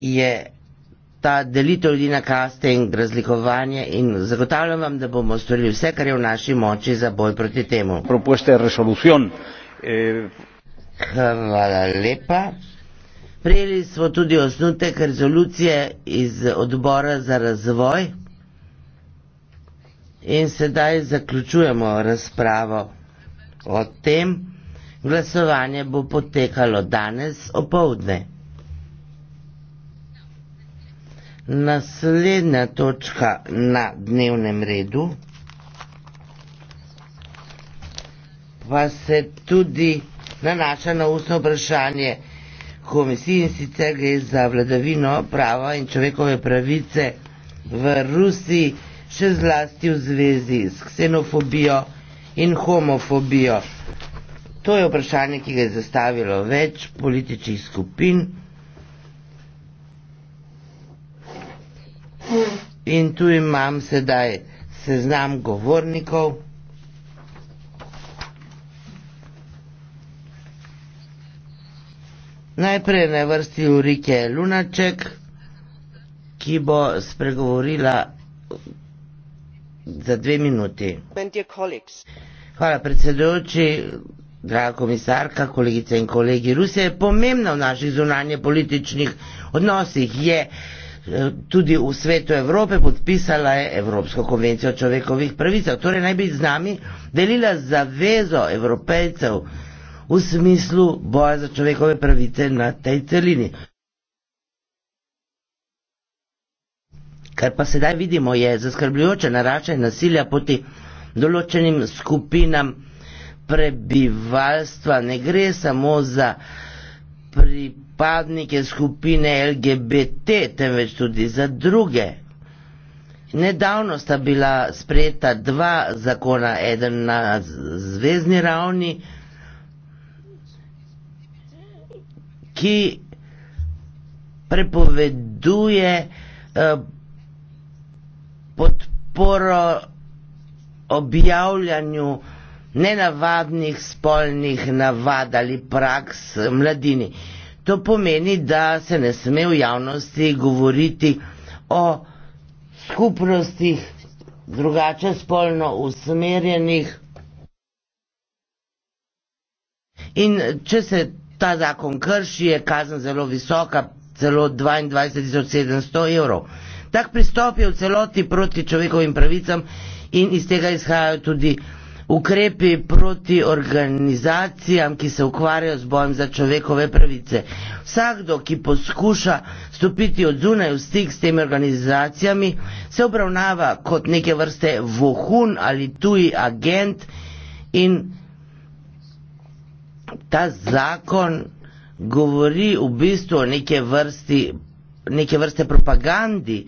je ta delitev ljudi na kaste in razlikovanje in zagotavljam vam, da bomo storili vse, kar je v naši moči za boj proti temu. Eh, Hvala lepa. Prijeli smo tudi osnutek rezolucije iz odbora za razvoj in sedaj zaključujemo razpravo o tem. Glasovanje bo potekalo danes opovdne. Naslednja točka na dnevnem redu pa se tudi nanaša na ustno vprašanje komisiji in sicer gre za vladavino prava in človekove pravice v Rusiji, še zlasti v zvezi s ksenofobijo in homofobijo. To je vprašanje, ki ga je zastavilo več političnih skupin. In tu imam sedaj seznam govornikov. Najprej na vrsti Urike Lunaček, ki bo spregovorila za dve minuti. Hvala predsedujoči, draga komisarka, kolegice in kolegi. Rusija je pomembna v naših zunanje političnih odnosih. Je tudi v svetu Evrope podpisala je Evropsko konvencijo o človekovih pravicah. Torej naj bi z nami delila zavezo evropejcev v smislu boja za človekove pravice na tej celini. Kar pa sedaj vidimo je zaskrbljujoče naračaj nasilja proti določenim skupinam prebivalstva. Ne gre samo za pripravljanje pripadnike skupine LGBT, temveč tudi za druge. Nedavno sta bila sprejeta dva zakona, eden na zvezdni ravni, ki prepoveduje eh, podporo objavljanju nenavadnih spolnih navad ali praks mladini. To pomeni, da se ne sme v javnosti govoriti o skupnostih drugače spolno usmerjenih. In če se ta zakon krši, je kazen zelo visoka, celo 22.700 evrov. Tak pristop je v celoti proti človekovim pravicam in iz tega izhajajo tudi ukrepi proti organizacijam, ki se ukvarjajo z bojem za človekove pravice. Vsakdo, ki poskuša stopiti od zunaj v stik s temi organizacijami, se obravnava kot neke vrste vohun ali tuji agent in ta zakon govori v bistvu o neke, vrsti, neke vrste propagandi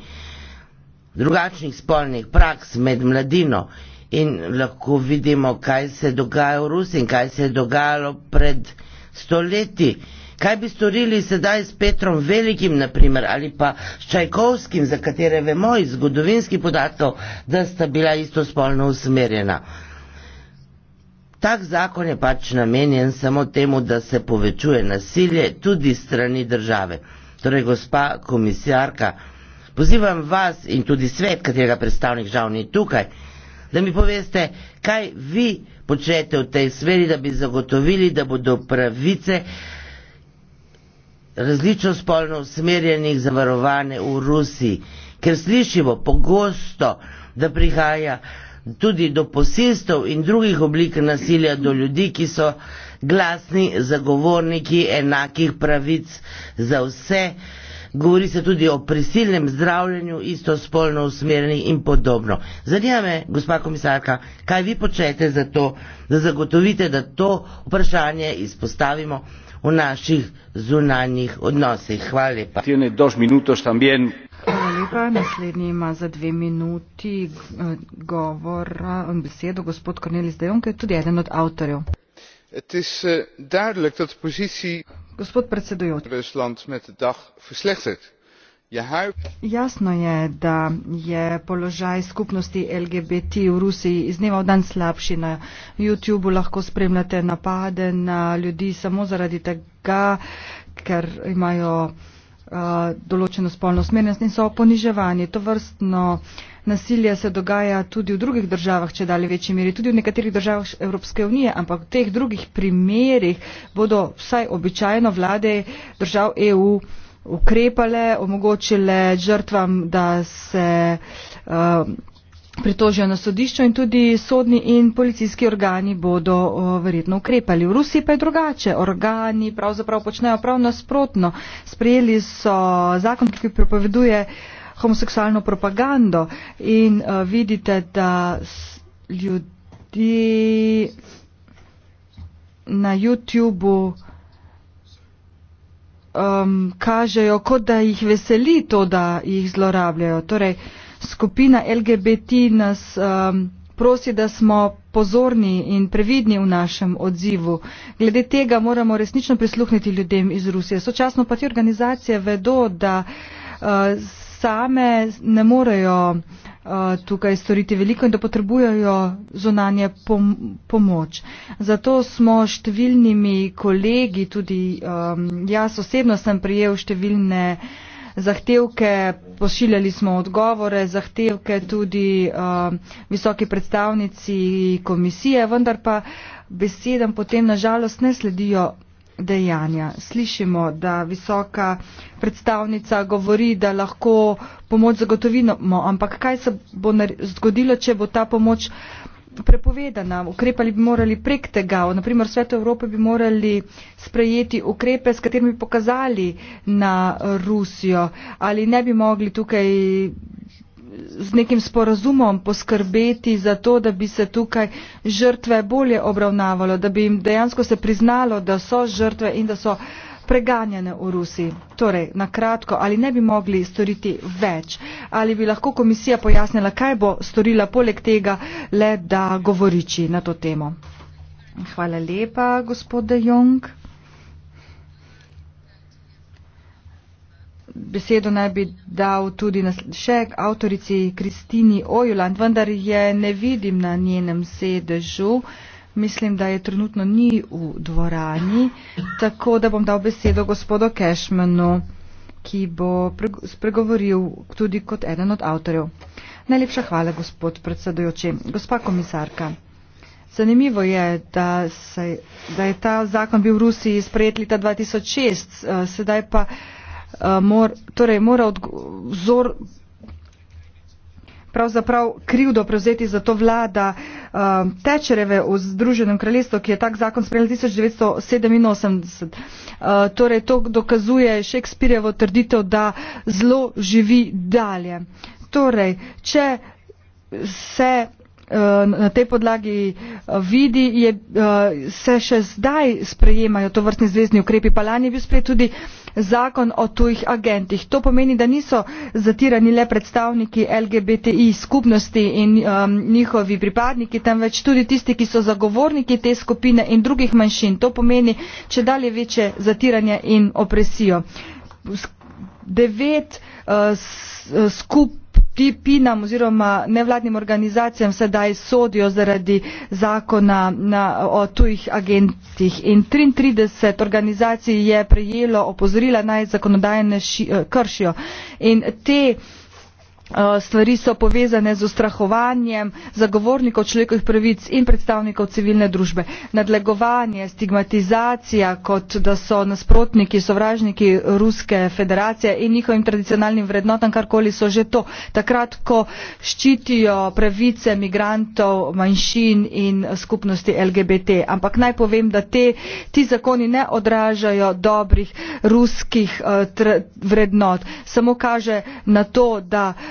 drugačnih spolnih praks med mladino in lahko vidimo, kaj se dogaja v Rusi in kaj se je dogajalo pred stoletji. Kaj bi storili sedaj s Petrom Velikim, naprimer, ali pa s Čajkovskim, za katere vemo iz zgodovinskih podatkov, da sta bila istospolno usmerjena? Tak zakon je pač namenjen samo temu, da se povečuje nasilje tudi strani države. Torej, gospa komisarka, pozivam vas in tudi svet, katerega predstavnik žal ni tukaj, da mi poveste, kaj vi počnete v tej smeri, da bi zagotovili, da bodo pravice različno spolno usmerjenih zavarovane v Rusiji. Ker slišimo pogosto, da prihaja tudi do posilstv in drugih oblik nasilja do ljudi, ki so glasni zagovorniki enakih pravic za vse. Govori se tudi o prisilnem zdravljenju istospolno usmerjenih in podobno. Zanima me, gospa komisarka, kaj vi počnete za to, da zagotovite, da to vprašanje izpostavimo v naših zunanjih odnosih. Hvala lepa. Hvala lepa. Naslednji ima za dve minuti eh, govor in eh, besedo gospod Kornelis Dejon, ki je tudi eden od avtorjev. Het is uh, duidelijk dat de positie Jasno je, da je položaj skupnosti LGBT v Rusiji iz dneva v dan slabši. Na YouTubu lahko spremljate napade na ljudi samo zaradi tega, ker imajo. Uh, določeno spolno smernost in so poniževani. To vrstno nasilje se dogaja tudi v drugih državah, če dalje večji meri, tudi v nekaterih državah Evropske unije, ampak v teh drugih primerih bodo vsaj običajno vlade držav EU ukrepale, omogočile žrtvam, da se um, pritožijo na sodišču in tudi sodni in policijski organi bodo verjetno ukrepali. V Rusiji pa je drugače. Organi pravzaprav počnejo prav nasprotno. Sprejeli so zakon, ki prepoveduje homoseksualno propagando in uh, vidite, da ljudi na YouTubu um, kažejo, kot da jih veseli to, da jih zlorabljajo. Torej, uh, skupina LGBT nas um, prosi, da smo pozorni in previdni v našem odzivu. Glede tega moramo resnično prisluhniti ljudem iz Rusije. Sočasno pa te organizacije vedo, da uh, same ne morejo uh, tukaj storiti veliko in da potrebujejo zunanje pom pomoč. Zato smo številnimi kolegi, tudi um, jaz osebno sem prijel številne uh, zahtevke, pošiljali smo odgovore, zahtevke tudi uh, visoki predstavnici komisije, vendar pa besedam potem nažalost ne sledijo dejanja. Slišimo, da visoka predstavnica govori, da lahko pomoč zagotovimo, ampak kaj se bo zgodilo, če bo ta pomoč prepovedana. Ukrepali bi morali prek tega. Naprimer, Svet Evrope bi morali sprejeti ukrepe, s katerimi bi pokazali na Rusijo. Ali ne bi mogli tukaj z nekim sporazumom poskrbeti za to, da bi se tukaj žrtve bolje obravnavalo, da bi jim dejansko se priznalo, da so žrtve in da so. Uh, preganjene v Rusiji? Torej, nakratko, ali ne bi mogli storiti več? Ali bi lahko komisija pojasnila, kaj bo storila poleg tega, le da govoriči na to temo? Hvala lepa, gospod Jong. Besedo naj bi dal tudi še avtorici Kristini Ojuland, vendar je ne vidim na njenem sedežu. Uh, mislim, da je trenutno ni v dvorani, tako da bom dal besedo gospodu Cashmanu, ki bo spregovoril tudi kot eden od avtorjev. Najlepša hvala, gospod predsedojoči. Gospa komisarka, zanimivo je, da, se, da je ta zakon bil v Rusiji sprejet leta 2006, eh, sedaj pa eh, mor, torej mora odgo, vzor pravzaprav krivdo prevzeti za to vlada uh, um, Tečereve v Združenem kraljestvu, ki je tak zakon sprejel 1987. Uh, torej, to dokazuje Šekspirjevo trditev, da zlo živi dalje. Torej, če se Eh, na tej podlagi eh, vidi, je, eh, se še zdaj sprejemajo to vrstni zvezdni ukrepi. Pa lani je bil sprejet tudi zakon o tujih agentih. To pomeni, da niso zatirani le predstavniki LGBTI skupnosti in um, njihovi pripadniki, temveč tudi tisti, ki so zagovorniki te skupine in drugih manjšin. To pomeni, če dalje večje zatiranje in opresijo. Devet uh, skup ti pinam oziroma nevladnim organizacijam sedaj sodijo zaradi zakona na, o tujih agencijah. In 33 organizacij je prejelo opozorila naj zakonodajne ši, eh, kršijo. In te Eh, stvari so povezane z ustrahovanjem zagovornikov človekovih pravic in predstavnikov civilne družbe. Nadlegovanje, stigmatizacija, kot da so nasprotniki, sovražniki Ruske federacije in njihovim tradicionalnim vrednotam, karkoli so že to. Takrat, ko ščitijo pravice migrantov, manjšin in skupnosti LGBT. Ampak naj povem, da te, ti zakoni ne odražajo dobrih ruskih uh, vrednot. Samo kaže na to, da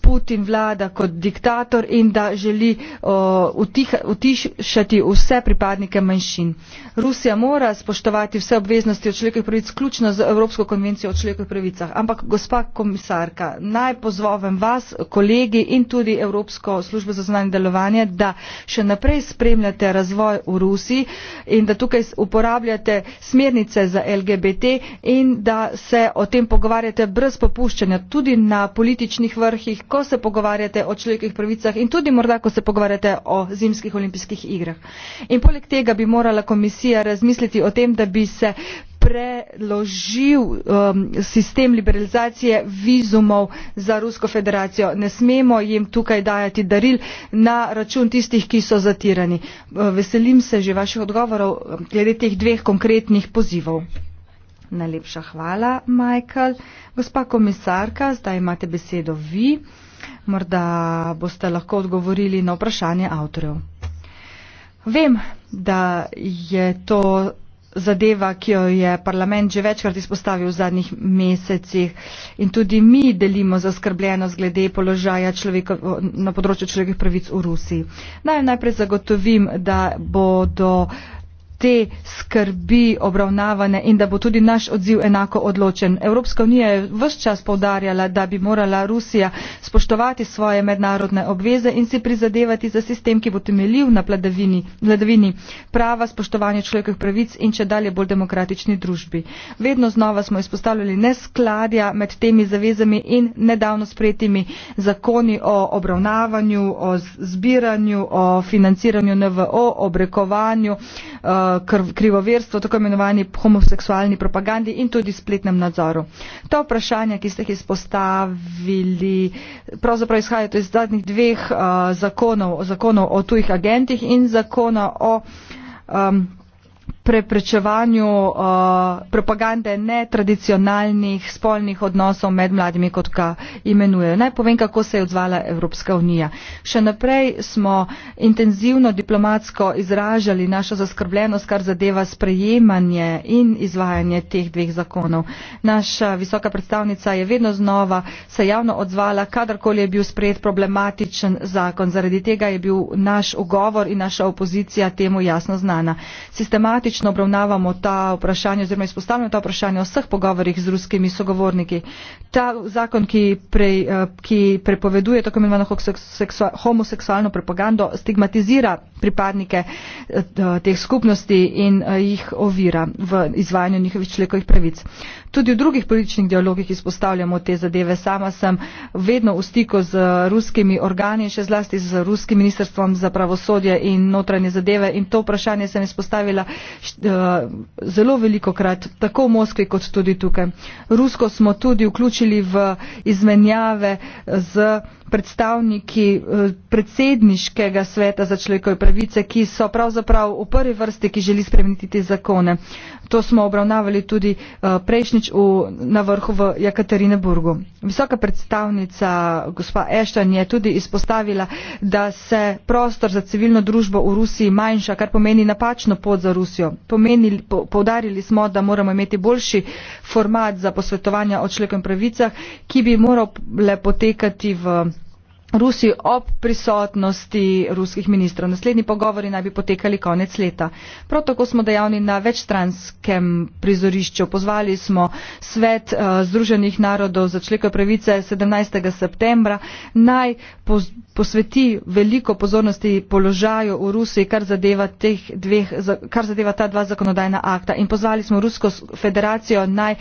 Putin vlada kot diktator in da želi uh, utišati vse pripadnike manjšin. Rusija mora spoštovati vse obveznosti o človekovih pravicah, vključno z Evropsko konvencijo o človekovih pravicah. Ampak, gospa komisarka, naj pozovem vas, kolegi in tudi Evropsko službo za zunanje delovanje, da še naprej spremljate razvoj v Rusiji in da tukaj uporabljate smernice za LGBT in da se o tem pogovarjate brez popuščanja tudi na političnih vrhih ko se pogovarjate o človekovih pravicah in tudi morda ko se pogovarjate o zimskih olimpijskih igrah. in poleg tega bi morala komisija razmisliti o tem da bi se preložil um, sistem liberalizacije vizumov za rusko federacijo. ne smemo jim tukaj dajati daril na račun tistih ki so zatirani. veselim se že vaših odgovorov um, glede teh dveh konkretnih pozivov. Najlepša hvala, Michael. Gospa komisarka, zdaj imate besedo vi. Morda boste lahko odgovorili na vprašanje avtorjev. Vem, da je to zadeva, ki jo je parlament že večkrat izpostavil v zadnjih mesecih in tudi mi delimo zaskrbljenost glede položaja človeka, na področju človekovih pravic v Rusiji. Naj najprej zagotovim, da bodo te skrbi obravnavane in da bo tudi naš odziv enako odločen. Evropska unija je vse čas povdarjala, da bi morala Rusija spoštovati svoje mednarodne obveze in si prizadevati za sistem, ki bo temeljiv na vladavini, vladavini prava, spoštovanju človekovih pravic in če dalje bolj demokratični družbi. Vedno znova smo izpostavljali neskladja med temi zavezami in nedavno sprejetimi zakoni o obravnavanju, o zbiranju, o financiranju NVO, o brekovanju. Uh, eh, krivoverstvo, tako imenovani homoseksualni propagandi in tudi spletnem nadzoru. To vprašanje, ki ste jih izpostavili, pravzaprav izhaja iz zadnjih dveh uh, zakonov, zakonov o tujih agentih in zakona o um, preprečevanju uh, propagande netradicionalnih spolnih odnosov med mladimi, kot ga imenujejo. Naj povem, kako se je odzvala Evropska unija. Še naprej smo intenzivno diplomatsko izražali našo zaskrbljenost, kar zadeva sprejemanje in izvajanje teh dveh zakonov. Naša visoka predstavnica je vedno znova se javno odzvala, kadarkoli je bil sprejet problematičen zakon. Zaradi tega je bil naš ugovor in naša opozicija temu jasno znana posledično obravnavamo ta vprašanja oziroma izpostavljamo ta vprašanja v vseh pogovorjih z ruskimi sogovorniki. Ta zakon, ki, pre, eh, ki prepoveduje tako imenovano homoseksualno propagando, stigmatizira pripadnike eh, teh skupnosti in eh, jih ovira v izvajanju njihovih človekovih pravic tudi v drugih političnih dialogih izpostavljamo te zadeve. Sama sem vedno v stiku z ruskimi organi, še zlasti z ruskim ministrstvom za pravosodje in notranje zadeve in to vprašanje sem izpostavila eh, zelo veliko krat, tako v Moskvi kot tudi tukaj. Rusko smo tudi vključili v izmenjave z predstavniki eh, predsedniškega sveta za človekove pravice, ki so pravzaprav v prvi vrsti, ki želi spremeniti te zakone. To smo obravnavali tudi eh, prejšnjič v, na vrhu v Jakaterineburgu. Visoka predstavnica gospa Ešton je tudi izpostavila, da se prostor za civilno družbo v Rusiji manjša, kar pomeni napačno pot za Rusijo. Pomeni, po, povdarili smo, da moramo imeti boljši format za posvetovanja o človekovih pravicah, ki bi moral le potekati v Rusi ob prisotnosti ruskih ministrov. Naslednji pogovori naj bi potekali konec leta. Prav tako smo dejavni na večstranskem prizorišču. Pozvali smo svet eh, Združenih narodov za človekove pravice 17. septembra naj posveti veliko pozornosti položaju v Rusiji, kar zadeva, dveh, kar zadeva ta dva zakonodajna akta. In pozvali smo Rusko federacijo naj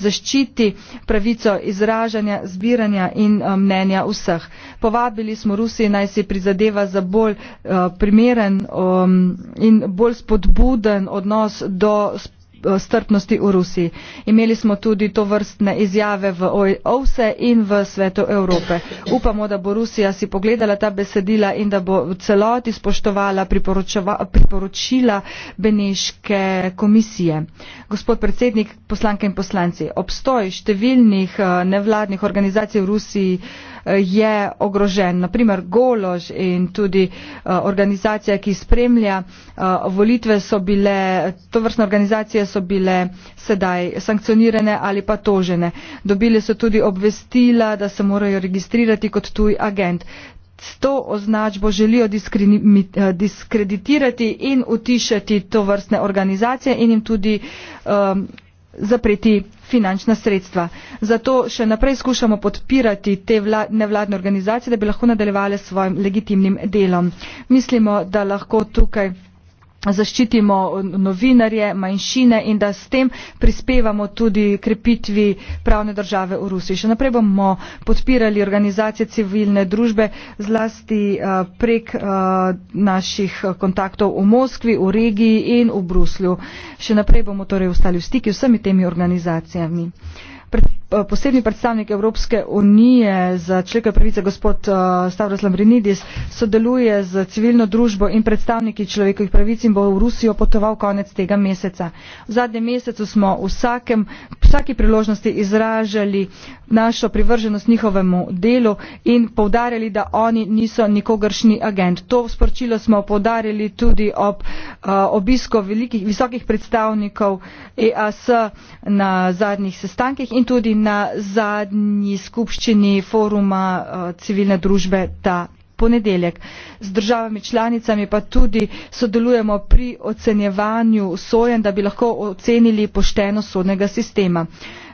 zaščiti pravico izražanja, zbiranja in eh, mnenja vseh. Povabili smo Rusijo naj se prizadeva za bolj uh, primeren um, in bolj spodbuden odnos do eh, strpnosti v Rusiji. Imeli smo tudi to vrstne izjave v OVSE e in v svetu Evrope. Upamo, da bo Rusija si pogledala ta besedila in da bo v celoti spoštovala priporočila Beneške komisije. Gospod predsednik, poslanke in poslanci, obstoj številnih eh, nevladnih organizacij v Rusiji uh, je ogrožen. Naprimer Gološ in tudi eh, organizacija, ki spremlja eh, volitve, so bile, to vrstne organizacije so bile sedaj sankcionirane ali pa tožene. Dobili so tudi obvestila, da se morajo registrirati kot tuj agent. S to označbo želijo eh, diskreditirati in utišati to vrstne organizacije in jim tudi um, zapreti finančna sredstva. Zato še naprej skušamo podpirati te vla, nevladne organizacije, da bi lahko nadaljevale s svojim legitimnim delom. Mislimo, da lahko tukaj zaščitimo novinarje, manjšine in da s tem prispevamo tudi krepitvi pravne države v Rusiji. Še naprej bomo podpirali organizacije civilne družbe zlasti eh, prek eh, naših kontaktov v Moskvi, v regiji in v Bruslju. Še naprej bomo torej ostali v stiki z vsemi temi organizacijami. Eh, posebni predstavnik Evropske unije za človekove pravice gospod eh, Stavros Lambrinidis sodeluje z civilno družbo in predstavniki človekovih pravic in bo v Rusijo potoval konec tega meseca. V zadnjem mesecu smo vsakem, vsaki priložnosti izražali našo privrženost njihovemu delu in povdarjali, da oni niso nikogršni agent. To sporočilo smo povdarjali tudi ob eh, obisko velikih, visokih predstavnikov EAS na zadnjih sestankih tudi na zadnji skupščini foruma eh, civilne družbe ta ponedeljek. Z državami članicami pa tudi sodelujemo pri ocenjevanju sojen, da bi lahko ocenili pošteno sodnega sistema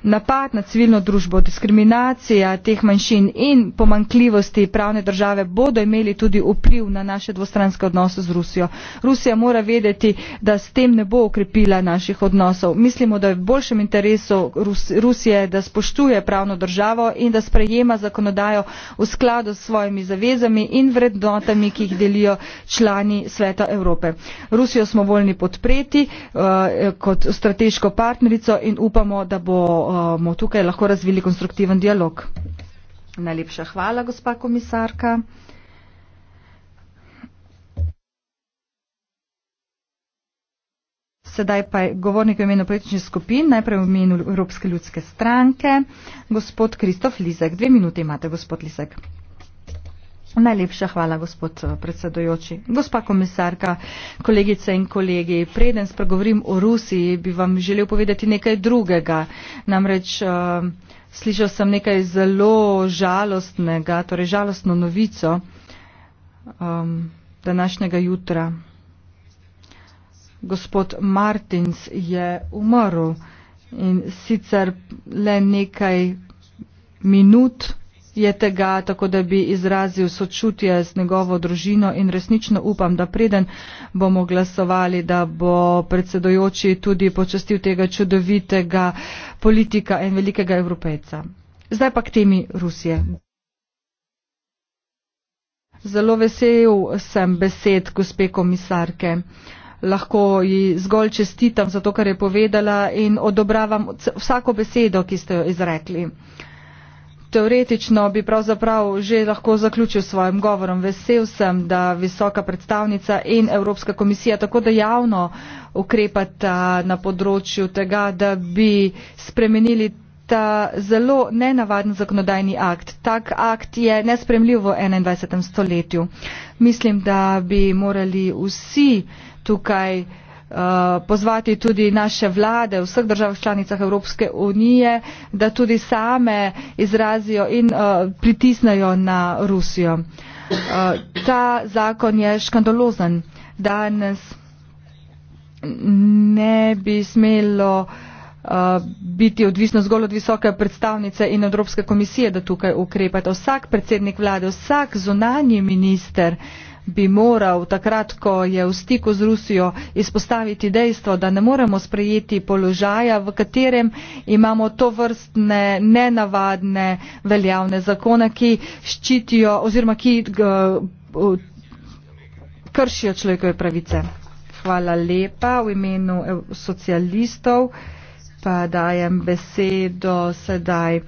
napad na civilno družbo, diskriminacija teh manjšin in pomankljivosti pravne države bodo imeli tudi vpliv na naše dvostranske odnose z Rusijo. Rusija mora vedeti, da s tem ne bo ukrepila naših odnosov. Mislimo, da je v boljšem interesu Rus Rusije, da spoštuje pravno državo in da sprejema zakonodajo v skladu s svojimi zavezami in vrednotami, ki jih delijo člani Sveta Evrope. Rusijo smo voljni podpreti uh, kot strateško partnerico in upamo, da bo uh, bomo tukaj lahko razvili konstruktiven dialog. Najlepša hvala, gospa komisarka. Sedaj pa je govornik v imenu političnih skupin, najprej v imenu Evropske ljudske stranke, gospod Kristof Lizek. Dve minute imate, gospod Lizek. Najlepša hvala, gospod eh, predsedojoči. Gospa komisarka, kolegice in kolegi, preden spregovorim o Rusiji, bi vam želel povedati nekaj drugega. Namreč eh, slišal sem nekaj zelo žalostnega, torej žalostno novico um, današnjega jutra. Gospod Martins je umrl in sicer le nekaj minut je tega, tako da bi izrazil sočutje z njegovo družino in resnično upam, da preden bomo glasovali, da bo predsedojoči tudi počastil tega čudovitega politika in velikega evropejca. Zdaj pa k temi Rusije. Zelo vesel sem besed gospe komisarke. Lahko ji zgolj čestitam za to, kar je povedala in odobravam vsako besedo, ki ste jo izrekli. Teoretično bi pravzaprav že lahko zaključil svojim govorom. Vesel sem, da visoka predstavnica in Evropska komisija tako dejavno ukrepata na področju tega, da bi spremenili ta zelo nenavaden zakonodajni akt. Tak akt je nespremljiv v 21. stoletju. Mislim, da bi morali vsi tukaj Eh, pozvati tudi naše vlade v vseh državah članicah Evropske unije, da tudi same izrazijo in eh, pritisnejo na Rusijo. Eh, ta zakon je škandalozen. Danes ne bi smelo biti odvisno zgolj od visoke predstavnice in Evropske komisije, da tukaj ukrepate. Vsak predsednik vlade, vsak zunanji minister, bi moral takrat, ko je v stiku z Rusijo, izpostaviti dejstvo, da ne moremo sprejeti položaja, v katerem imamo to vrstne nenavadne veljavne zakone, ki ščitijo oziroma ki eh, kršijo človekove pravice. Hvala lepa v imenu eh, socialistov. Pa dajem besedo sedaj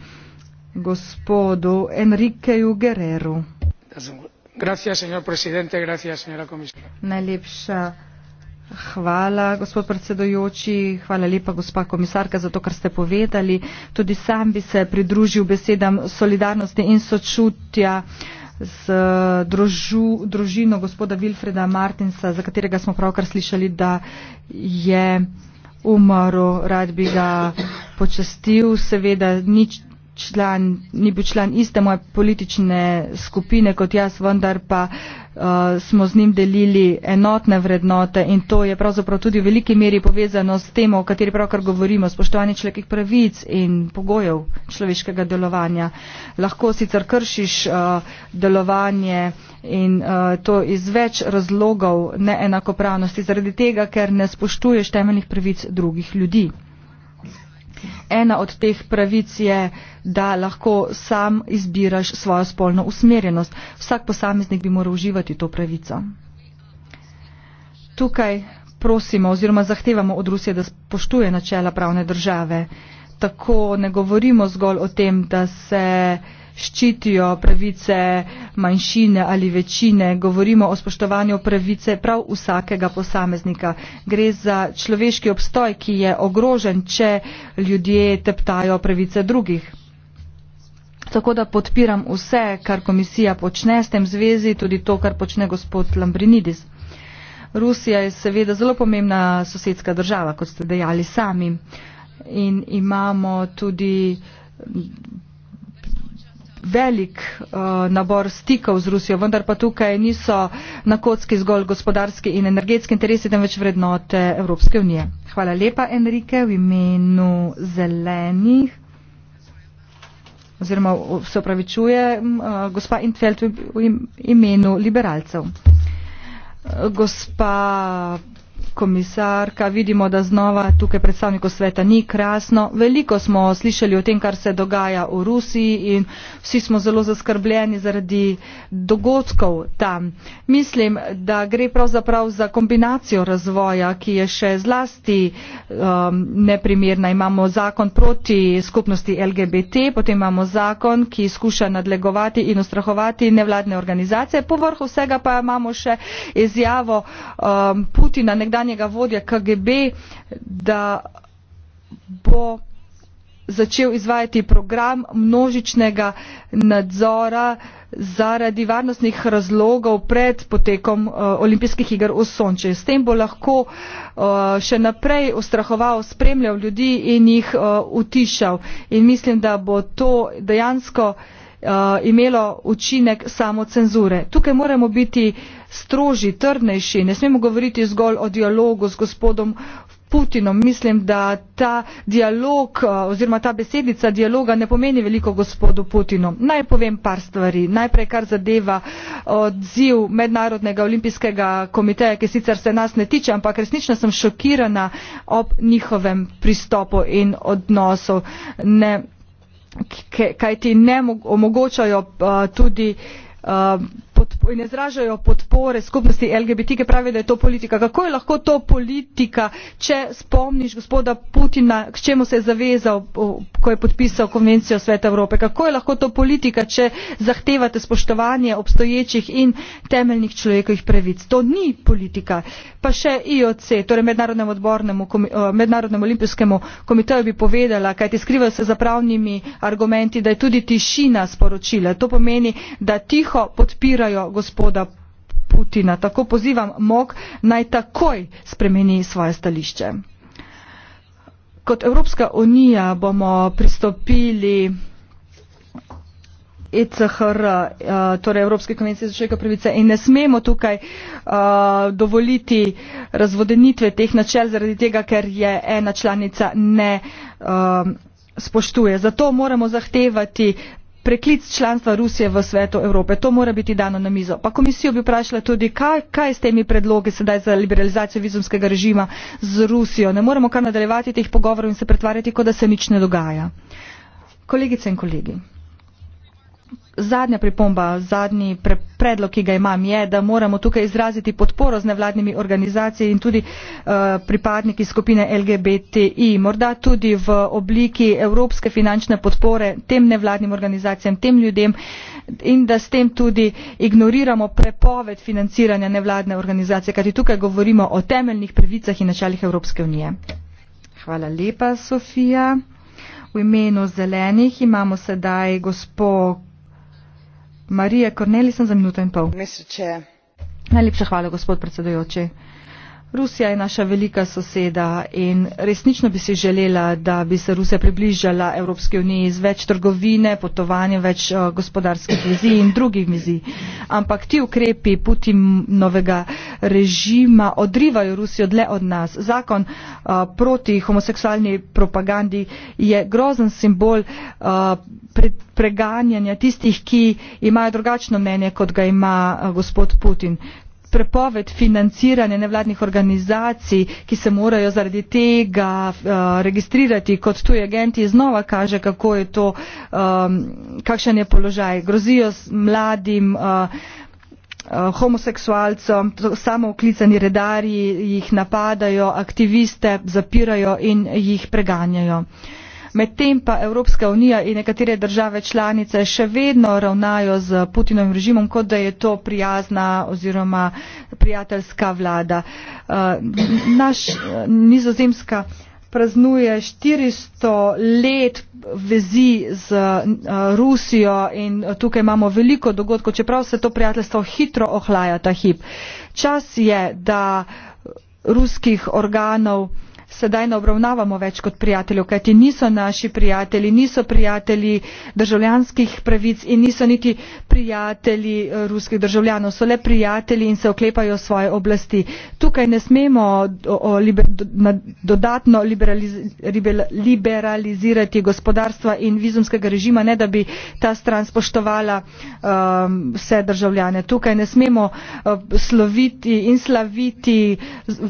gospodu Enrikeju Guerreru señor presidente gracias señora comisaria najlepša hvala gospod predsedujoči hvala lepa gospa komisarka za to kar ste povedali tudi sam bi se pridružil besedam solidarnosti in sočutja z družu, družino gospoda Wilfreda Martinsa, za katerega smo pravkar slišali, da je umrl, rad bi ga počastil, seveda nič, član, ni bil član iste moje politične skupine kot jaz, vendar pa uh, smo z njim delili enotne vrednote in to je pravzaprav tudi v veliki meri povezano s tem, o kateri pravkar govorimo, spoštovanje človekih pravic in pogojev človeškega delovanja. Lahko sicer kršiš uh, delovanje in uh, to iz več razlogov neenakopravnosti, zaradi tega, ker ne spoštuješ temeljnih pravic drugih ljudi ena od teh pravic je, da lahko sam izbiraš svojo spolno usmerjenost. Vsak posameznik bi moral uživati to pravico. Tukaj prosimo oziroma zahtevamo od Rusije, da spoštuje načela pravne države. Tako ne govorimo zgolj o tem, da se ščitijo pravice manjšine ali večine, govorimo o spoštovanju pravice prav vsakega posameznika. Gre za človeški obstoj, ki je ogrožen, če ljudje teptajo pravice drugih. Tako da podpiram vse, kar komisija počne s tem zvezi, tudi to, kar počne gospod Lambrinidis. Rusija je seveda zelo pomembna sosedska država, kot ste dejali sami. In imamo tudi velik uh, nabor stikov z Rusijo, vendar pa tukaj niso na kocki zgolj gospodarski in energetski interesi, temveč vrednote Evropske unije. Hvala lepa, Enrike, v imenu zelenih. Oziroma se opravičuje uh, gospa Intfeld v imenu liberalcev. Gospa komisarka, vidimo, da znova tukaj predstavnikov sveta ni krasno. Veliko smo slišali o tem, kar se dogaja v Rusiji in vsi smo zelo zaskrbljeni zaradi dogodkov tam. Mislim, da gre pravzaprav za kombinacijo razvoja, ki je še zlasti um, neprimerna. Imamo zakon proti skupnosti LGBT, potem imamo zakon, ki skuša nadlegovati in ustrahovati nevladne organizacije. Povrhu vsega pa imamo še izjavo um, Putina, nekdanjega nekdanjega vodja KGB, da bo začel izvajati program množičnega nadzora zaradi varnostnih razlogov pred potekom uh, olimpijskih igr v Sonče. S tem bo lahko uh, še naprej ustrahoval, spremljal ljudi in jih uh, utišal. In mislim, da bo to dejansko uh, imelo učinek samocenzure. Tukaj moramo biti uh, strožji, trdnejši. Ne smemo govoriti zgolj o dialogu z gospodom Putinom. Mislim, da ta dialog eh, oziroma ta besedica dialoga ne pomeni veliko gospodu Putinu. Naj povem par stvari. Najprej, kar zadeva odziv Mednarodnega olimpijskega komiteja, ki sicer se nas ne tiče, ampak resnično sem šokirana ob njihovem pristopu in odnosu. Ne, kaj ti ne omogočajo eh, tudi eh, in izražajo podpore skupnosti lgbt ki pravi da je to politika kako je lahko to politika če spomniš gospoda putina k čemu se je zavezal ko je podpisal konvencijo sveta evrope kako je lahko to politika če zahtevate spoštovanje obstoječih in temeljnih človekovih pravic to ni politika pa še ioc torej mednarodnemu odbornemu mednarodnemu olimpijskemu komiteju bi povedala kajti skrivajo se za pravnimi argumenti da je tudi tišina sporočila to pomeni da tiho podpirajo podpirajo gospoda Putina. Tako pozivam MOK naj takoj spremeni svoje stališče. Kot Evropska unija bomo pristopili ECHR, eh, torej Evropske konvencije za človekove pravice in ne smemo tukaj uh, dovoliti razvodenitve teh načel zaradi tega, ker je ena članica ne uh, spoštuje. Zato moramo zahtevati preklic članstva Rusije v svetu Evrope. To mora biti dano na mizo. Pa komisijo bi vprašala tudi, kaj, kaj s temi predlogi sedaj za liberalizacijo vizumskega režima z Rusijo. Ne moremo kar nadaljevati teh pogovorov in se pretvarjati, kot da se nič ne dogaja. Kolegice in kolegi. Zadnja pripomba, zadnji pre predlog, ki ga imam, je, da moramo tukaj izraziti podporo z nevladnimi organizacijami in tudi uh, pripadniki skupine LGBTI. Morda tudi v obliki evropske finančne podpore tem nevladnim organizacijam, tem ljudem in da s tem tudi ignoriramo prepoved financiranja nevladne organizacije, kajti tukaj govorimo o temeljnih pravicah in načalih Evropske unije. Hvala lepa, Sofija. V imenu zelenih imamo sedaj gospod. Marije Kornelisen za minuto in pol. Najlepša hvala, gospod predsedujoči. Rusija je naša velika soseda in resnično bi si želela, da bi se Rusija približala Evropske unije z več trgovine, potovanjem, več eh, gospodarskih vizi in drugih vizi. Ampak ti ukrepi Putinovega režima odrivajo Rusijo dle od nas. Zakon a, eh, proti homoseksualni propagandi je grozen simbol a, eh, pre, preganjanja tistih, ki imajo drugačno mnenje, kot ga ima a, gospod Putin prepoved financiranja nevladnih organizacij, ki se morajo zaradi tega eh, registrirati kot tuji agenti, znova kaže, kako je to, ehm, kakšen je položaj. Grozijo mladim eh, eh, homoseksualcem, samooklicani redarji jih napadajo, aktiviste zapirajo in jih preganjajo medtem pa Evropska unija in nekatere države članice še vedno ravnajo z Putinovim režimom, kot da je to prijazna oziroma prijateljska vlada. Eh, naš eh, nizozemska praznuje 400 let vezi z eh, Rusijo in tukaj imamo veliko dogodkov, čeprav se to prijateljstvo hitro ohlaja ta hip. Čas je, da ruskih organov uh, sedaj ne obravnavamo več kot prijateljev, kajti niso naši prijatelji, niso prijatelji državljanskih pravic in niso niti prijatelji eh, ruskih državljanov, so le prijatelji in se oklepajo svoje oblasti. Tukaj ne smemo o, o, liber, do, na, dodatno liberaliz, liberalizirati gospodarstva in vizumskega režima, ne da bi ta stran spoštovala um, vse državljane. Tukaj ne smemo uh, sloviti in slaviti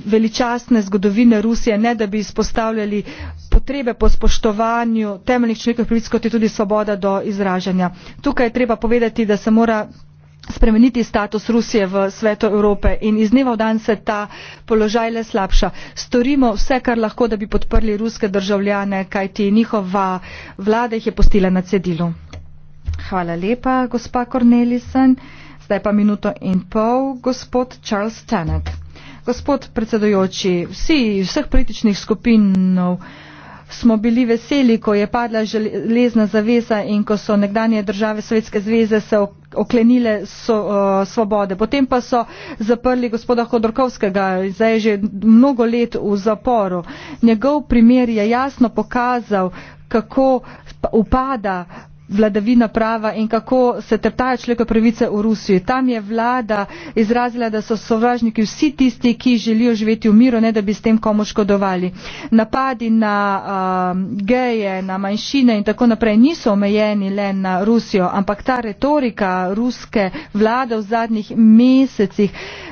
veličastne zgodovine Rusije, ne da bi izpostavljali potrebe po spoštovanju temeljnih človekovih pravic kot je tudi svoboda do izražanja. Tukaj je treba povedati, da se mora spremeniti status Rusije v svetu Evrope in iz dneva v dan se ta položaj le slabša. Storimo vse, kar lahko, da bi podprli ruske državljane, kajti njihova vlada jih je postila na cedilu. Hvala lepa, gospa Cornelisen. Zdaj pa minuto in pol, gospod Charles Tennant. Gospod predsedujoči, vsi iz vseh političnih skupin smo bili veseli, ko je padla železna zaveza in ko so nekdanje države Sovjetske zveze se oklenile so, uh, svobode. Potem pa so zaprli gospoda Hodorkovskega, zdaj je že mnogo let v zaporu. Njegov primer je jasno pokazal, kako upada vladavina prava in kako se teptajo človekove pravice v Rusiji. Tam je vlada izrazila, da so sovražniki vsi tisti, ki želijo živeti v miru, ne da bi s tem komu škodovali. Napadi na uh, geje, na manjšine in tako naprej niso omejeni le na Rusijo, ampak ta retorika ruske vlade v zadnjih mesecih uh,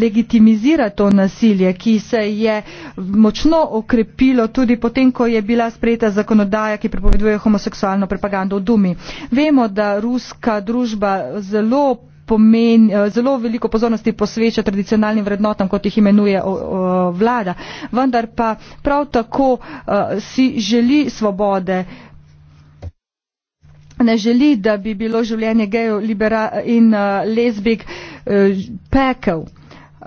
legitimizira to nasilje, ki se je močno okrepilo tudi potem, ko je bila sprejeta zakonodaja, ki prepoveduje homoseksualno propagando v Dumi. Vemo, da ruska družba zelo. Pomen, eh, zelo veliko pozornosti posveča tradicionalnim vrednotam, kot jih imenuje o, o, vlada. Vendar pa prav tako o, eh, si želi svobode ne želi, da bi bilo življenje gejev in eh, lezbik eh, pekel.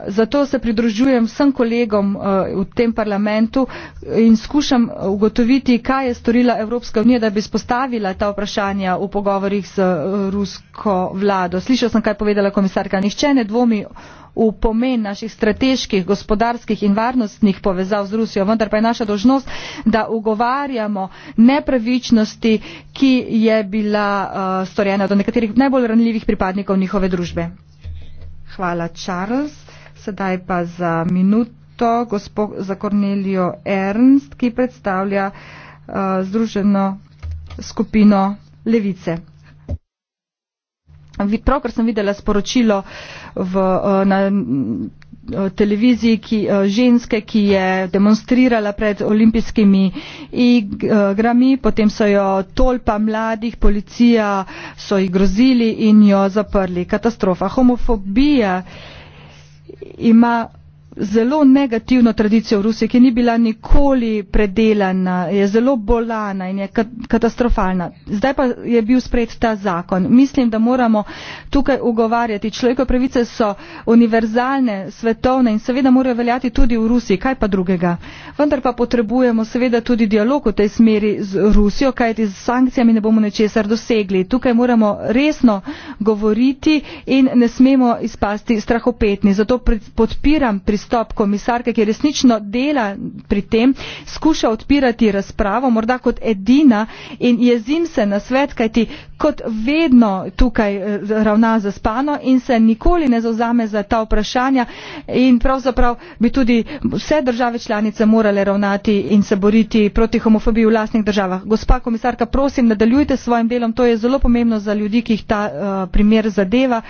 Zato se pridružujem vsem kolegom eh, v tem parlamentu in skušam ugotoviti, kaj je storila Evropska unija, da bi spostavila ta vprašanja v pogovorih z eh, rusko vlado. Slišal sem, kaj je povedala komisarka. Nihče ne dvomi v pomen naših strateških, gospodarskih in varnostnih povezav z Rusijo, vendar pa je naša dožnost, da ugovarjamo nepravičnosti, ki je bila uh, storjena do nekaterih najbolj ranljivih pripadnikov njihove družbe. Hvala, Charles. Sedaj pa za minuto gospo, za Kornelijo Ernst, ki predstavlja uh, združeno skupino Levice. Pravkar sem videla sporočilo v, uh, na uh, televiziji ki, uh, ženske, ki je demonstrirala pred olimpijskimi igrami, potem so jo tolpa mladih, policija so jih grozili in jo zaprli. Katastrofa, homofobija ima zelo negativno tradicijo v Rusiji, ki ni bila nikoli predelana, je zelo bolana in je katastrofalna. Zdaj pa je bil sprejet ta zakon. Mislim, da moramo tukaj ugovarjati. Človekove pravice so univerzalne, svetovne in seveda morajo veljati tudi v Rusiji, kaj pa drugega. Vendar pa potrebujemo seveda tudi dialog v tej smeri z Rusijo, kajti z sankcijami ne bomo nečesar dosegli. Tukaj moramo resno govoriti in ne smemo izpasti strahopetni. Zato podpiram pristop pristop komisarke, ki resnično dela pri tem, skuša odpirati razpravo, morda kot edina in jezim se na svet, kajti kot vedno tukaj eh, ravna za spano in se nikoli ne zauzame za ta vprašanja in pravzaprav bi tudi vse države članice morale ravnati in se boriti proti homofobiji v lastnih državah. Gospa komisarka, prosim, nadaljujte s svojim delom, to je zelo pomembno za ljudi, ki jih ta uh, primer zadeva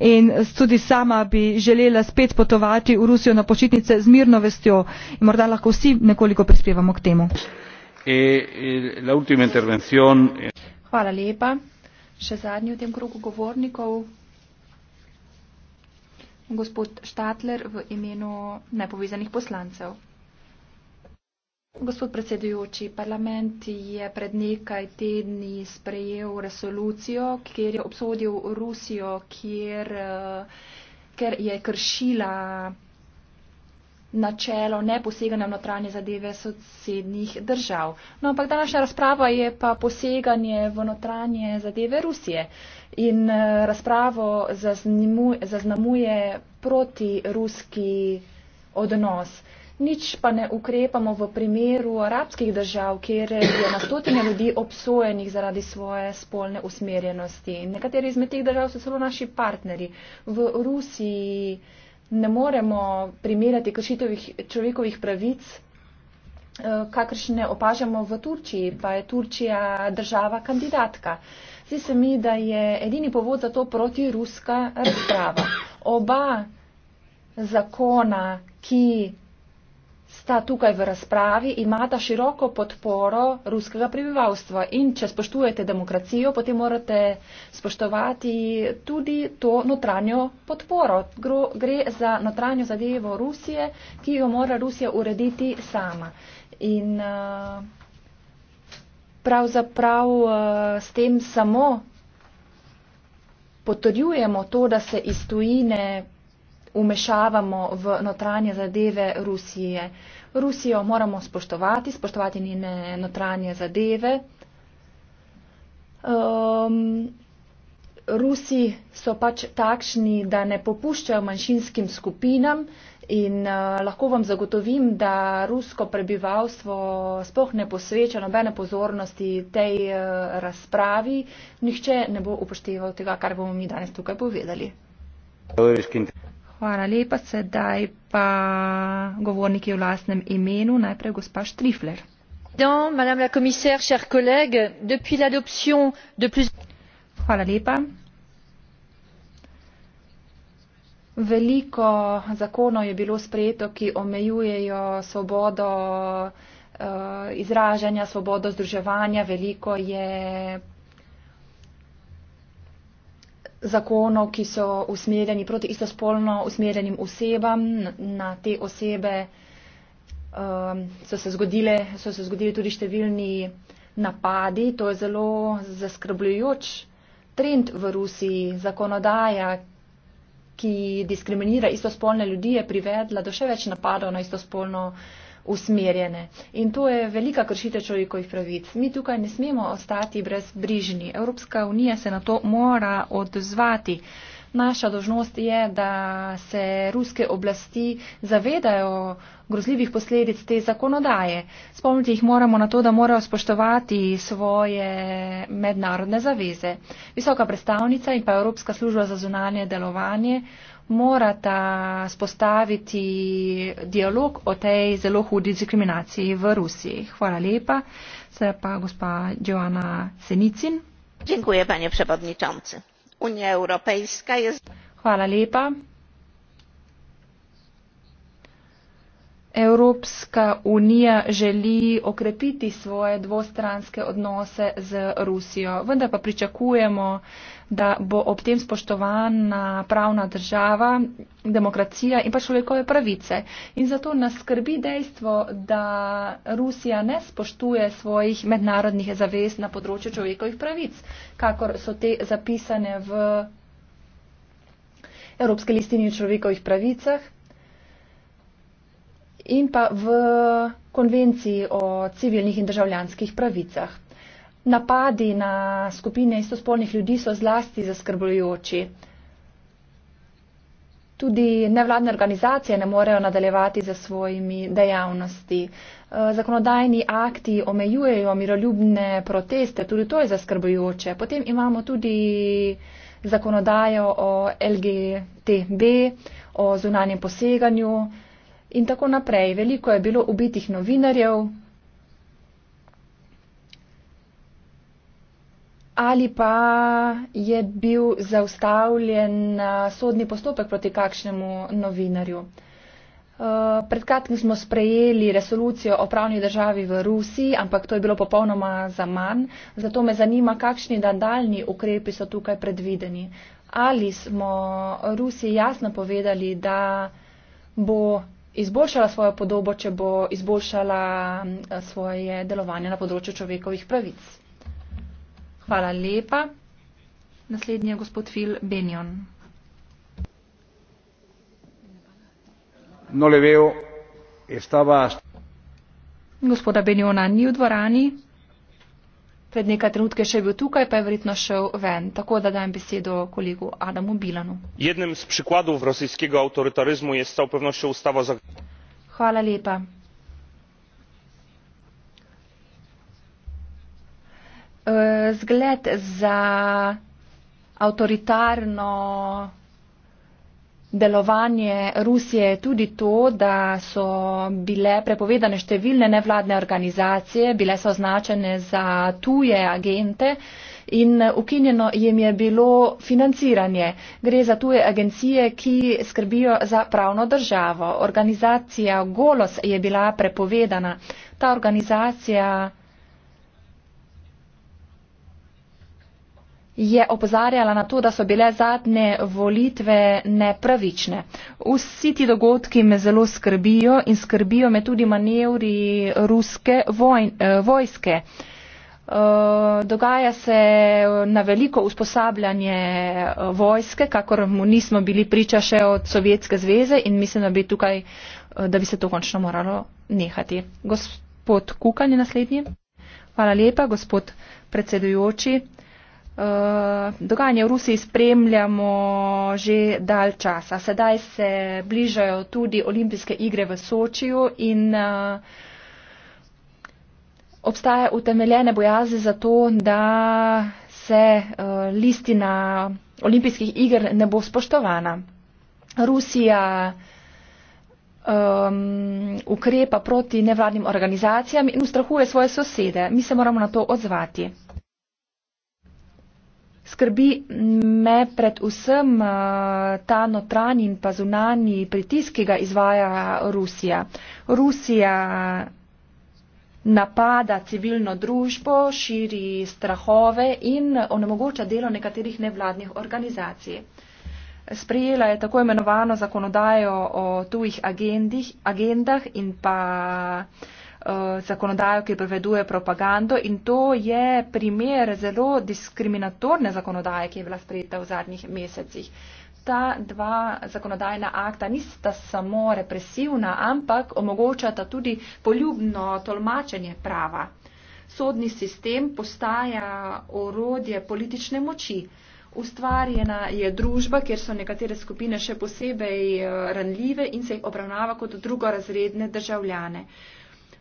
in tudi sama bi želela spet potovati v Rusijo na počitnice z mirno vestjo in morda lahko vsi nekoliko prispevamo k temu. Eh, Hvala lepa še zadnji v tem krogu govornikov. Gospod Štatler v imenu nepovezanih poslancev. Gospod predsedujoči, parlament je pred nekaj tedni sprejel resolucijo, kjer je obsodil Rusijo, kjer, eh, ker je kršila načelo ne poseganja v notranje zadeve sosednjih držav. No, ampak današnja razprava je pa poseganje v notranje zadeve Rusije in eh, razpravo zaznamuje, zaznamuje proti ruski odnos. Nič pa ne ukrepamo v primeru arabskih držav, kjer je na stotine ljudi obsojenih zaradi svoje spolne usmerjenosti. Nekateri izmed teh držav so celo naši partneri. V Rusiji ne moremo primerjati kršitevih človekovih pravic, eh, kakršne opažamo v Turčiji, pa je Turčija država kandidatka. Zdi se mi, da je edini povod za to protiruska razprava. Oba zakona, ki sta tukaj v razpravi, imata široko podporo ruskega prebivalstva. In če spoštujete demokracijo, potem morate spoštovati tudi to notranjo podporo. Gre za notranjo zadevo Rusije, ki jo mora Rusija urediti sama. In eh, pravzaprav eh, s tem samo potrjujemo to, da se iz tujine umešavamo v notranje zadeve Rusije. Rusijo moramo spoštovati, spoštovati njene notranje zadeve. Um, Rusi so pač takšni, da ne popuščajo manjšinskim skupinam in uh, lahko vam zagotovim, da rusko prebivalstvo spoh ne posveča nobene pozornosti tej uh, razpravi. Nihče ne bo upošteval tega, kar bomo mi danes tukaj povedali. Hvala lepa, sedaj pa govorniki v lastnem imenu, najprej gospa Štrifler. Madame la commissaire, chers collègues, depuis l'adoption de plusieurs. Eh, izražanja, svobodo združevanja, veliko je zakonov, ki so usmerjeni proti istospolno usmerjenim osebam, na te osebe um, so, se zgodile, so se zgodili tudi številni napadi. To je zelo zaskrbljujoč trend v Rusiji. Zakonodaja, ki diskriminira istospolne ljudi, je privedla do še več napadov na istospolno osebo usmerjene. In to je velika kršitev človekovih pravic. Mi tukaj ne smemo ostati brez brižni. Evropska unija se na to mora odzvati. Naša dožnost je, da se ruske oblasti zavedajo grozljivih posledic te zakonodaje. Spomniti jih moramo na to, da morajo spoštovati svoje mednarodne zaveze. Visoka predstavnica in pa Evropska služba za zunanje delovanje morata spostaviti dialog o tej zelo hudi diskriminaciji v Rusiji. Hvala lepa. Se pa gospa Joana Senicin. Dziękuję, panie przewodniczący. Unia Europejska jest. Hvala lepa. Evropska unija želi okrepiti svoje dvostranske odnose z Rusijo, vendar pa pričakujemo, da bo ob tem spoštovana pravna država, demokracija in pa človekove pravice. In zato nas skrbi dejstvo, da Rusija ne spoštuje svojih mednarodnih zavez na področju človekovih pravic, kakor so te zapisane v Evropske listini o človekovih pravicah in pa v konvenciji o civilnih in državljanskih pravicah. Napadi na skupine istospolnih ljudi so zlasti zaskrbljujoči. Tudi nevladne organizacije ne morejo nadaljevati za svojimi dejavnosti. E, zakonodajni akti omejujejo miroljubne proteste, tudi to je zaskrbljujoče. Potem imamo tudi zakonodajo o LGTB, o zunanjem poseganju in tako naprej. Veliko je bilo ubitih novinarjev, ali pa je bil zaustavljen sodni postopek proti kakšnemu novinarju. Uh, pred kratkim smo sprejeli resolucijo o pravni državi v Rusiji, ampak to je bilo popolnoma za manj. Zato me zanima, kakšni nadaljni ukrepi so tukaj predvideni. Ali smo Rusiji jasno povedali, da bo izboljšala svojo podobo, če bo izboljšala svoje delovanje na področju človekovih pravic? Hvala lepa. Naslednji je gospod Fil Benjon. No veo, estaba... Gospoda Benjona ni v dvorani. Pred nekaj trenutke še je bil tukaj, pa je verjetno šel ven. Tako da dajem besedo kolegu Adamu Bilanu. Jednem z prikladov rusijskega avtoritarizmu je stal pevno še ustava za. Hvala lepa. Eh, zgled za avtoritarno delovanje Rusije je tudi to, da so bile prepovedane številne nevladne organizacije, bile so označene za tuje agente in ukinjeno jim je bilo financiranje. Gre za tuje agencije, ki skrbijo za pravno državo. Organizacija Golos je bila prepovedana. Ta organizacija je opozarjala na to, da so bile zadnje volitve nepravične. Vsi ti dogodki me zelo skrbijo in skrbijo me tudi manevri ruske vojn, eh, vojske. Eh, dogaja se na veliko usposabljanje eh, vojske, kakor mu nismo bili priča še od Sovjetske zveze in mislim, da bi, tukaj, da bi se to končno moralo nehati. Gospod Kukan je naslednji. Hvala lepa, gospod predsedujoči. Eh, dogajanje v Rusiji spremljamo že dalj časa. Sedaj se bližajo tudi olimpijske igre v Sočiju in eh, obstaja utemeljene bojazi za to, da se eh, listina olimpijskih igr ne bo spoštovana. Rusija um, ukrepa proti nevladnim organizacijam in ustrahuje svoje sosede. Mi se moramo na to odzvati. Skrbi me predvsem eh, ta notranji in pa zunanji pritisk, ki ga izvaja Rusija. Rusija napada civilno družbo, širi strahove in onemogoča delo nekaterih nevladnih organizacij. Sprijela je tako imenovano zakonodajo o tujih agendih, agendah in pa Eh, zakonodajo, ki preveduje propagando in to je primer zelo diskriminatorne zakonodaje, ki je bila sprejeta v zadnjih mesecih. Ta dva zakonodajna akta nista samo represivna, ampak omogočata tudi poljubno tolmačenje prava. Sodni sistem postaja orodje politične moči. Ustvarjena je družba, kjer so nekatere skupine še posebej eh, ranljive in se jih obravnava kot drugorazredne državljane. Uh,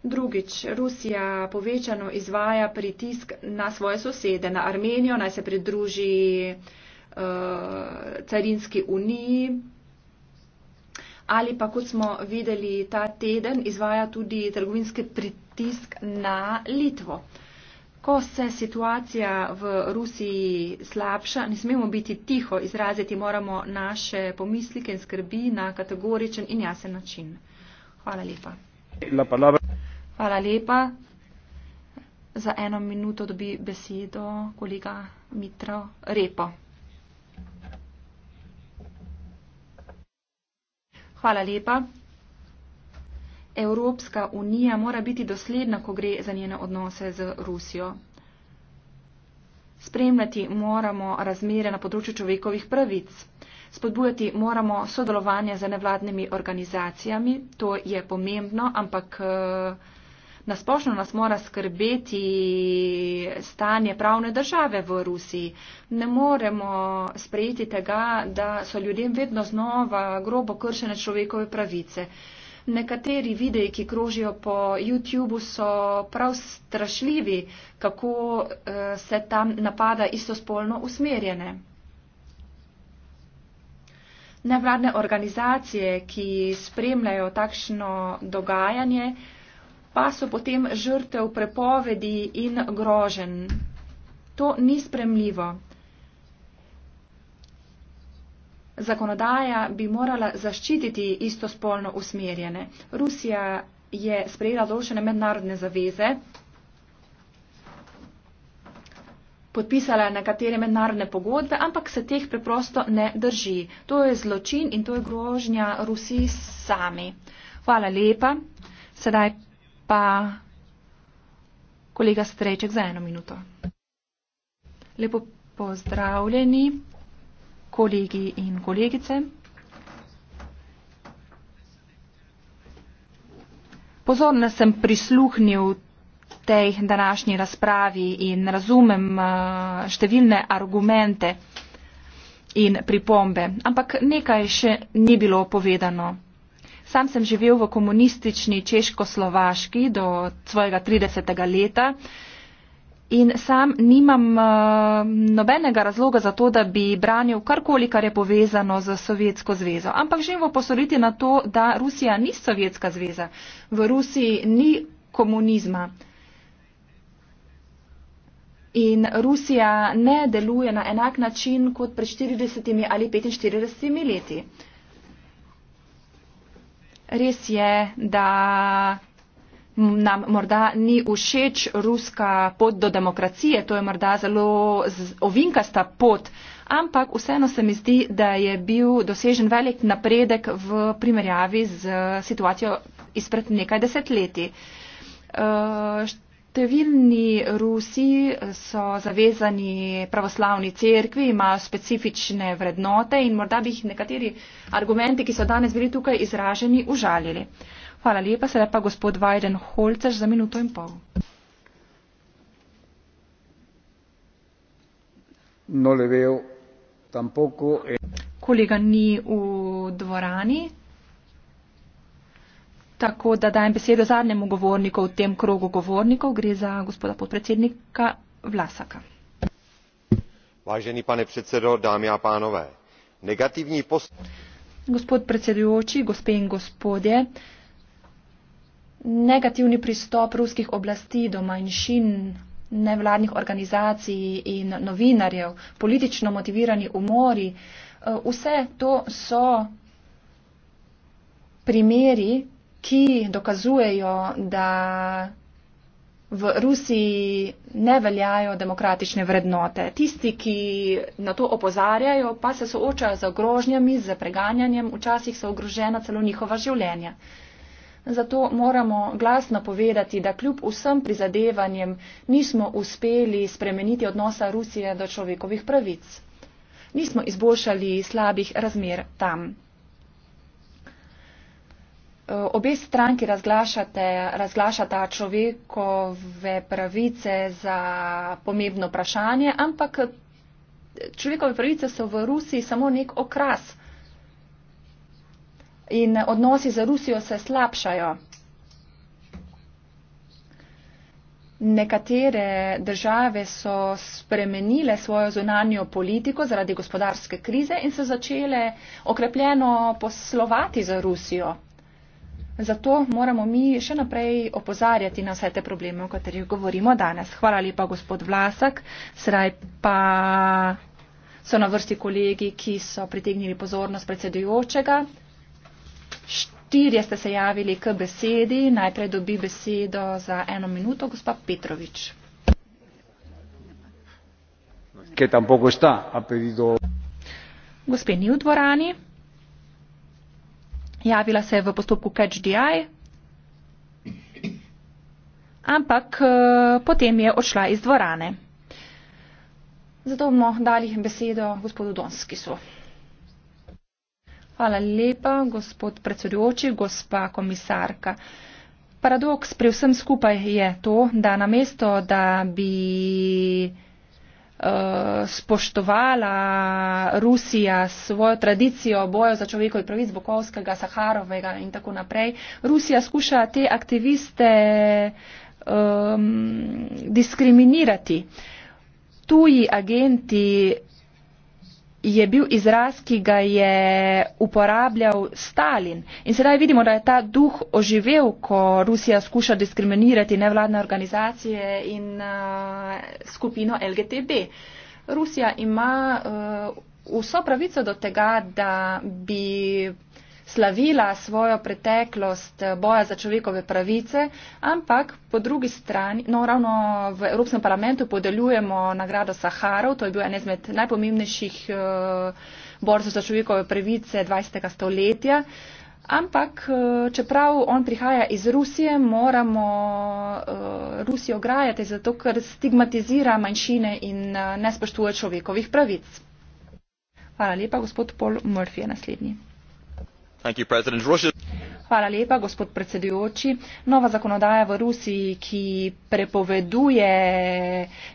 Drugič, Rusija povečano izvaja pritisk na svoje sosede, na Armenijo, naj se pridruži uh, carinski uniji. Ali pa, kot smo videli ta teden, izvaja tudi trgovinski pritisk na Litvo. Ko se situacija v Rusiji slabša, ne smemo biti tiho, izraziti moramo naše pomislike in skrbi na kategoričen in jasen način. Hvala lepa. Hvala lepa. Za eno minuto dobi besedo kolega Mitro Repo. Hvala lepa. Evropska unija mora biti dosledna, ko gre za njene odnose z Rusijo. Spremljati moramo razmere na področju človekovih pravic. Spodbujati moramo sodelovanje z nevladnimi organizacijami. To je pomembno, ampak. Uh, Nasplošno nas mora skrbeti stanje pravne države v Rusiji. Ne moremo sprejeti tega, da so ljudem vedno znova grobo kršene človekove pravice. Nekateri videi, ki krožijo po YouTubu, so prav strašljivi, kako eh, se tam napada istospolno usmerjene. Nevladne organizacije, ki spremljajo takšno dogajanje, pa so potem žrtev prepovedi in grožen. To ni spremljivo. Zakonodaja bi morala zaščititi istospolno usmerjene. Rusija je sprejela določene mednarodne zaveze, podpisala je nekatere mednarodne pogodbe, ampak se teh preprosto ne drži. To je zločin in to je grožnja Rusiji sami. Hvala lepa. Sedaj pa kolega Strejček za eno minuto. Lepo pozdravljeni, kolegi in kolegice. Pozorno sem prisluhnil tej današnji razpravi in razumem eh, številne argumente in pripombe, ampak nekaj še ni bilo povedano. Sam sem živel v komunistični Češko-Slovaški do svojega 30. leta in sam nimam eh, nobenega razloga za to, da bi branil karkoli, kar je povezano z Sovjetsko zvezo. Ampak želim opozoriti na to, da Rusija ni Sovjetska zveza. V Rusiji ni komunizma. In Rusija ne deluje na enak način kot pred 40 ali 45 leti. Res je, da nam morda ni všeč ruska pot do demokracije, to je morda zelo ovinkasta pot, ampak vseeno se mi zdi, da je bil dosežen velik napredek v primerjavi z situacijo izpred nekaj desetletij. Uh, Številni Rusi so zavezani pravoslavni cerkvi, imajo specifične vrednote in morda bi jih nekateri argumenti, ki so danes bili tukaj izraženi, užalili. Hvala lepa, se lepa gospod Vajden Holcer za minuto in pol. No le veo, tampoco... Kolega ni v dvorani, Tako da dajem besedo zadnjemu govorniku v tem krogu govornikov. Gre za gospoda podpredsednika Vlasaka. Vážený pane predsedo, dámy a pánové. Negativní post... Gospod predsedujoči, gospe in gospodje, negativni pristop ruskih oblasti do manjšin nevladnih organizacij in novinarjev, politično motivirani umori, eh, vse to so primeri, ki dokazujejo, da v Rusiji ne veljajo demokratične vrednote. Tisti, ki na to opozarjajo, pa se soočajo z grožnjami, z preganjanjem, včasih so ogrožena celo njihova življenja. Zato moramo glasno povedati, da kljub vsem prizadevanjem nismo uspeli spremeniti odnosa Rusije do človekovih pravic. Nismo izboljšali slabih razmer tam. Eh, obe stranki razglašata človekove pravice za pomembno vprašanje, ampak človekove pravice so v Rusiji samo nek okras. In odnosi za Rusijo se slabšajo. Nekatere države so spremenile svojo zunanjo politiko zaradi gospodarske krize in so začele okrepljeno poslovati za Rusijo. Zato moramo mi še naprej opozarjati na vse te probleme, o katerih govorimo danes. Hvala lepa, gospod Vlasak. Sraj pa so na vrsti kolegi, ki so pritegnili pozornost predsedujočega. Štirje ste se javili k besedi. Najprej dobi besedo za eno minuto, gospa Petrovič. Gospe ni v dvorani javila se je v postopku Catch DI, ampak eh, potem je odšla iz dvorane. Zato bomo dali besedo gospodu Donskisu. Hvala lepa, gospod predsedujoči, gospa komisarka. Paradoks pri vsem skupaj je to, da namesto, da bi Eh, spoštovala Rusija svojo tradicijo bojo za človekove pravice Bokovskega, Saharovega in tako naprej. Rusija skuša te aktiviste um, diskriminirati. Tuji agenti je bil izraz, ki ga je uporabljal Stalin. In sedaj vidimo, da je ta duh oživel, ko Rusija skuša diskriminirati nevladne organizacije in uh, skupino LGTB. Rusija ima uh, vso pravico do tega, da bi slavila svojo preteklost eh, boja za človekove pravice, ampak po drugi strani, no ravno v Evropskem parlamentu podeljujemo nagrado Saharov, to je bil en izmed najpomembnejših eh, borcev za človekove pravice 20. stoletja. Ampak, eh, čeprav on prihaja iz Rusije, moramo Rusijo grajati, zato ker stigmatizira manjšine in ne spoštuje človekovih pravic. Hvala lepa, gospod Paul Murphy je naslednji nova zakonodaja v rusiji ki prepoveduje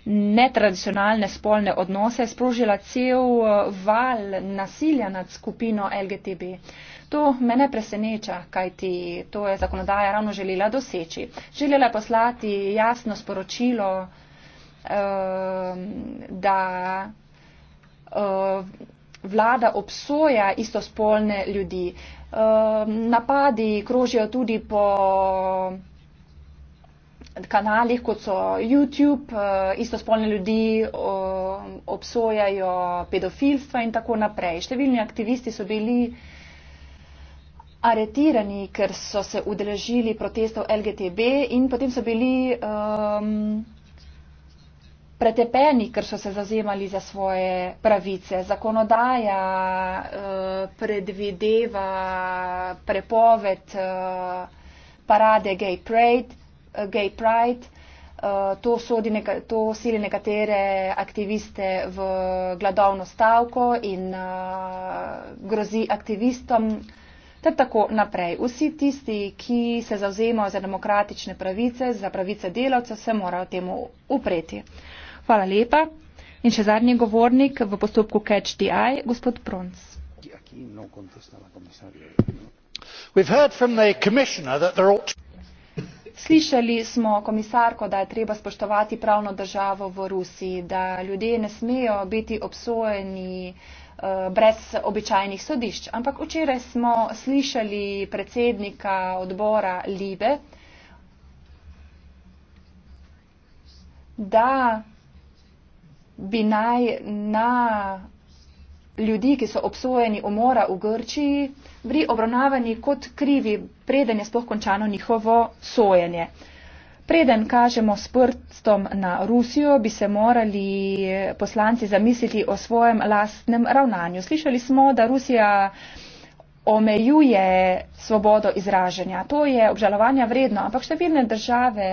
netradicionalne spolne odnose je sprožila cel eh, val nasilja nad skupino lgtb To me ne preseneča, kajti to je zakonodaja ravno želela doseči. Želela je poslati jasno sporočilo, eh, da eh, vlada obsoja istospolne ljudi. Ehm, napadi krožijo tudi po kanalih, kot so YouTube, eh, istospolne ljudi ehm, obsojajo pedofilstva in tako naprej. Številni aktivisti so bili aretirani, ker so se udeležili protestov LGTB in potem so bili. Um, pretepeni, ker so se zazemali za svoje pravice. Zakonodaja eh, predvideva prepoved eh, parade Gay Pride. Eh, gay Pride. To, sodi, to sili nekatere aktiviste v gladovno stavko in grozi aktivistom. Ter tako naprej. Vsi tisti, ki se zauzemajo za demokratične pravice, za pravice delavcev, se morajo temu upreti. Hvala lepa. In še zadnji govornik v postopku Catch the Eye, gospod Pronc. Slišali smo komisarko, da je treba spoštovati pravno državo v Rusiji, da ljudje ne smejo biti obsojeni eh, brez običajnih sodišč. Ampak včeraj smo slišali predsednika odbora Libe, da bi naj na ljudi, ki so obsojeni umora v Grčiji, bili obravnavani kot krivi, preden je sploh končano njihovo sojenje. Preden kažemo s prstom na Rusijo, bi se morali poslanci zamisliti o svojem lastnem ravnanju. Slišali smo, da Rusija omejuje svobodo izražanja. To je obžalovanja vredno, ampak številne države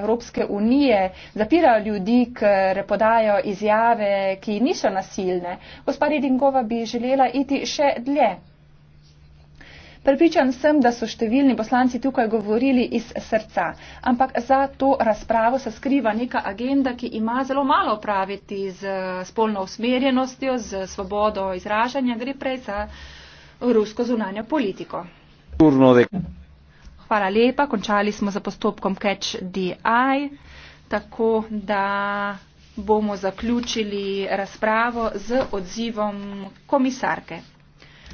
Evropske unije zapirajo ljudi, ker podajo izjave, ki niso nasilne. Gospa Redingova bi želela iti še dlje. Prepričan sem, da so številni poslanci tukaj govorili iz srca, ampak za to razpravo se skriva neka agenda, ki ima zelo malo opraviti z spolno usmerjenostjo, z svobodo izražanja, gre prej za rusko zunanjo politiko. Hvala lepa, končali smo za postopkom Catch DI, tako da bomo zaključili razpravo z odzivom komisarke.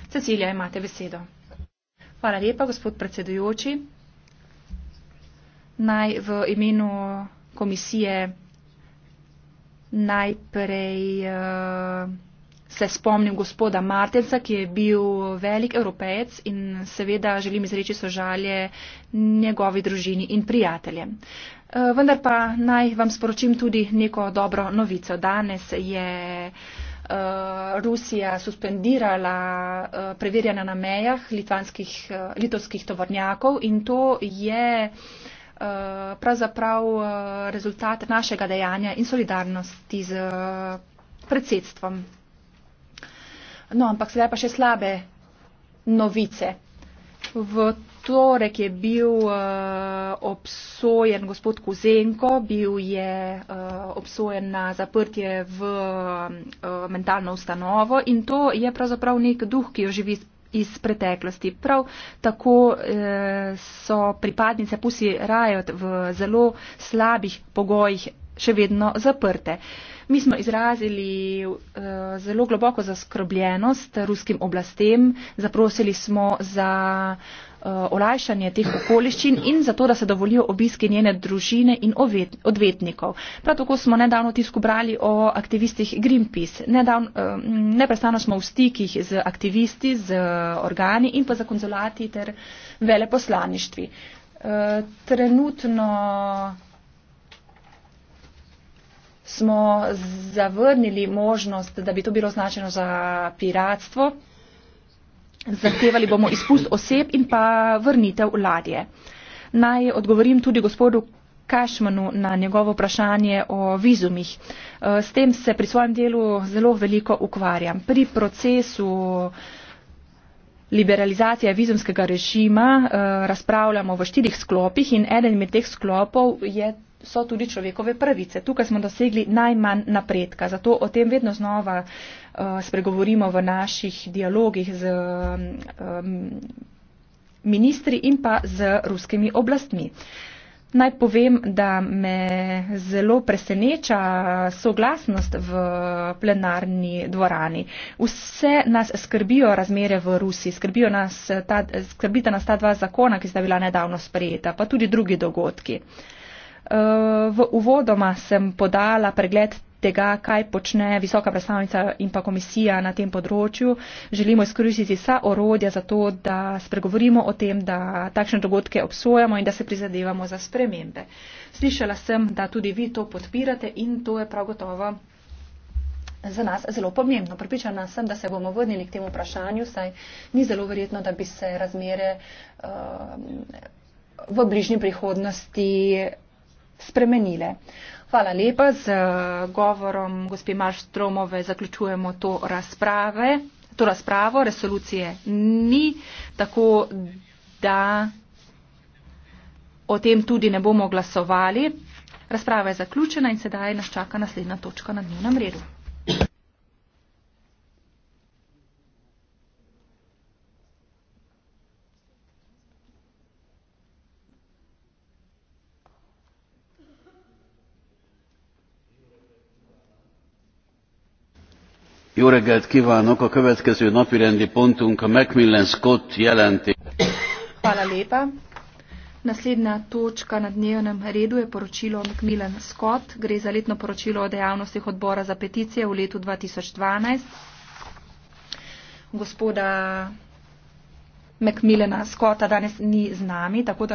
Cecilija, imate besedo. Hvala lepa, gospod predsedujoči. Naj v imenu komisije najprej. Uh, se spomnim gospoda Martensa, ki je bil velik evropejec in seveda želim izreči sožalje njegovi družini in prijateljem. E, vendar pa naj vam sporočim tudi neko dobro novico. Danes je uh, Rusija suspendirala uh, preverjanja na mejah uh, litovskih tovornjakov in to je pravzaprav rezultat našega dejanja in solidarnosti z predsedstvom. No, ampak sedaj pa še slabe novice. V torek je bil uh, obsojen gospod Kuzenko, bil je uh, obsojen na zaprtje v uh, mentalno ustanovo in to je pravzaprav nek duh, ki jo živi iz preteklosti. Prav tako uh, so pripadnice Pusi Rajot v zelo slabih pogojih še vedno zaprte. Uh, Mi smo izrazili eh, zelo globoko zaskrbljenost ruskim oblastem, zaprosili smo za eh, olajšanje teh okoliščin in zato, da se dovolijo obiske njene družine in odvetnikov. Prav tako smo nedavno tisku brali o aktivistih Greenpeace. Nedavno, eh, neprestano smo v stikih z aktivisti, z organi in pa za konzulati ter veleposlaništvi. Trenutno smo zavrnili možnost, da bi to bilo označeno za piratstvo. Zahtevali bomo izpust oseb in pa vrnitev ladje. Naj odgovorim tudi gospodu Kašmanu na njegovo vprašanje o vizumih. E, s tem se pri svojem delu zelo veliko ukvarjam. Pri procesu liberalizacije vizumskega režima e, razpravljamo v štirih sklopih in eden med teh sklopov je so tudi človekove pravice. Tukaj smo dosegli najmanj napredka, zato o tem vedno znova eh, spregovorimo v naših dialogih z ministri in pa z ruskimi oblastmi. Naj povem, da me zelo preseneča soglasnost v plenarni dvorani. Vse nas skrbijo razmere v Rusiji, skrbita nas ta dva zakona, ki sta bila nedavno sprejeta, pa tudi drugi dogodki. Uh, V uvodoma sem podala pregled tega, kaj počne visoka predstavnica in pa komisija na tem področju. Želimo izkoristiti vsa orodja za to, da spregovorimo o tem, da takšne dogodke obsojamo in da se prizadevamo za spremembe. Slišala sem, da tudi vi to podpirate in to je prav gotovo za nas zelo pomembno. Pripričana sem, da se bomo vrnili k temu vprašanju, saj ni zelo verjetno, da bi se razmere uh, v bližnji prihodnosti spremenile. Hvala lepa. Z eh, govorom gospe Marštromove zaključujemo to, razprave, to razpravo. Resolucije ni tako, da o tem tudi ne bomo glasovali. Razprava je zaključena in sedaj nas čaka naslednja točka na dnevnem redu. Jó reggelt kívánok! A következő napi rendi pontunk a Macmillan Scott jelentés. Hvala lepa. Naslednja točka na dnevnem redu je poročilo Macmillan Scott. Gre za letno poročilo o dejavnostih odbora za peticije v letu 2012. Gospoda Macmillana Scotta danes ni z nami, tako da